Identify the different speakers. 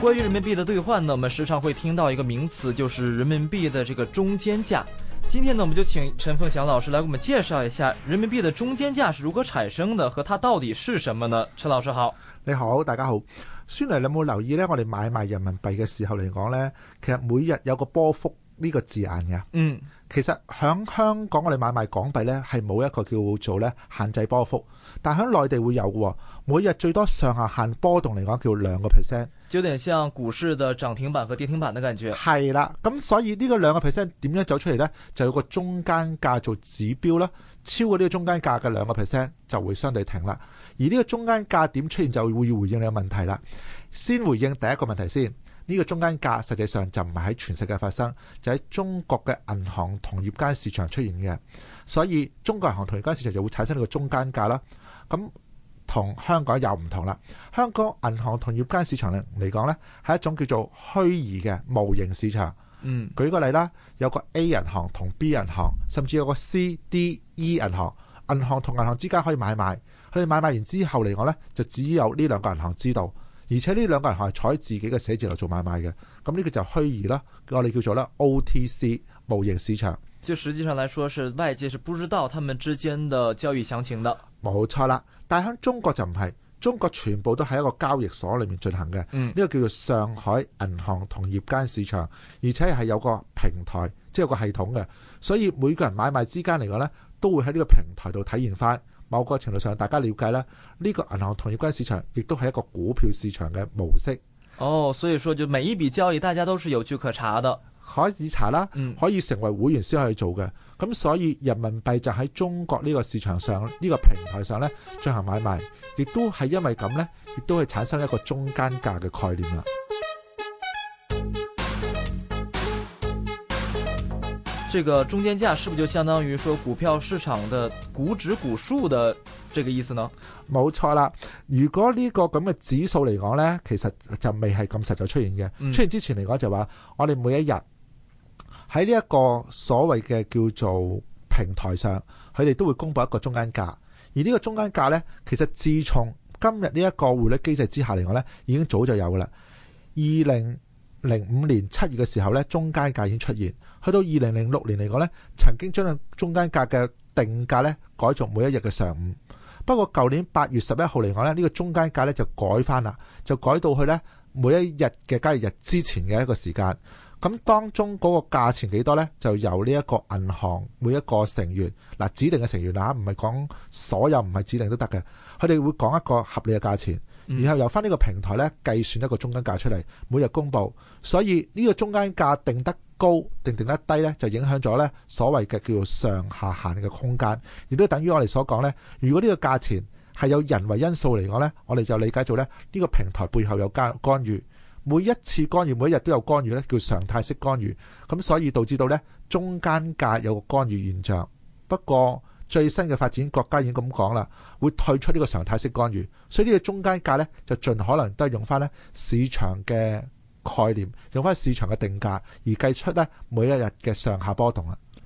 Speaker 1: 關於人民幣的兌換呢，我們時常會聽到一個名詞，就是人民幣的這個中間價。今天呢，我們就請陳鳳祥老師來給我們介紹一下人民幣的中間價是如何產生的，和它到底是什麼呢？陳老師好。
Speaker 2: 你好，大家好。孫雷，你有冇留意呢？我哋買賣人民幣嘅時候嚟講呢，其實每日有一個波幅呢個字眼嘅。嗯，其實響香港我哋買賣港幣呢係冇一個叫做呢限制波幅，但響內地會有嘅。哦。每日最多上下限波動嚟講叫兩個 percent。
Speaker 1: 有點像股市的漲停板和跌停板的感覺。
Speaker 2: 係啦，咁所以呢個兩個 percent 點樣走出嚟呢？就有個中間價做指標啦。超過呢個中間價嘅兩個 percent 就會相對停啦。而呢個中間價點出現就會要回應你嘅問題啦。先回應第一個問題先，呢、這個中間價實際上就唔係喺全世界發生，就喺中國嘅銀行同業間市場出現嘅。所以中國銀行同業間市場就會產生呢個中間價啦。咁、嗯同香港又唔同啦。香港銀行同業間市場嚟嚟講呢係一種叫做虛擬嘅模型市場。嗯，舉個例啦，有個 A 銀行同 B 銀行，甚至有個 C、D、E 銀行，銀行同銀行之間可以買賣。佢哋買賣完之後嚟講呢就只有呢兩個銀行知道，而且呢兩個銀行係坐喺自己嘅寫字樓做買賣嘅。咁呢個就虛擬啦，我哋叫做啦 OTC 模型市場。
Speaker 1: 就實際上來說是，是外界是不知道他們之間的交易詳情的。
Speaker 2: 冇錯啦，但係喺中國就唔係，中國全部都喺一個交易所裏面進行嘅，嗯，呢個叫做上海銀行同業間市場，而且係有個平台，即係有個系統嘅，所以每個人買賣之間嚟講呢，都會喺呢個平台度體現翻。某個程度上，大家了解啦，呢個銀行同業間市場亦都係一個股票市場嘅模式。
Speaker 1: 哦，所以說就每一筆交易，大家都是有據可查的。
Speaker 2: 可以查啦，可以成為會員先可以做嘅。咁、嗯、所以人民幣就喺中國呢個市場上呢、呢個平台上咧進行買賣，亦都係因為咁呢，亦都係產生一個中間價嘅概念啦。這個中間價
Speaker 1: 是不是就相當於說股票市場的股指股數的這個意思呢？
Speaker 2: 冇錯啦。如果呢個咁嘅指數嚟講呢，其實就未係咁實在出現嘅、嗯。出現之前嚟講就話、是、我哋每一日。喺呢一個所謂嘅叫做平台上，佢哋都會公布一個中間價。而呢個中間價呢，其實自從今日呢一個匯率機制之下嚟講呢，已經早就有噶啦。二零零五年七月嘅時候呢，中間價已經出現。去到二零零六年嚟講呢，曾經將佢中間價嘅定價呢改做每一日嘅上午。不過舊年八月十一號嚟講呢，呢、這個中間價呢就改返喇，就改到去呢每一日嘅交易日之前嘅一個時間。咁當中嗰個價錢幾多呢？就由呢一個銀行每一個成員，嗱，指定嘅成員啊，唔係講所有，唔係指定都得嘅。佢哋會講一個合理嘅價錢，然後由返呢個平台呢計算一個中間價出嚟，每日公佈。所以呢個中間價定得高定定得低呢，就影響咗呢所謂嘅叫做上下限嘅空間，亦都等於我哋所講呢：如果呢個價錢係有人為因素嚟講呢，我哋就理解做呢呢個平台背後有加干預。每一次干預，每一日都有干預咧，叫常態式干預。咁所以導致到呢中間價有個干預現象。不過最新嘅發展，國家已經咁講啦，會退出呢個常態式干預。所以呢個中間價呢，就盡可能都係用翻呢市場嘅概念，用翻市場嘅定價而計出呢每一日嘅上下波動。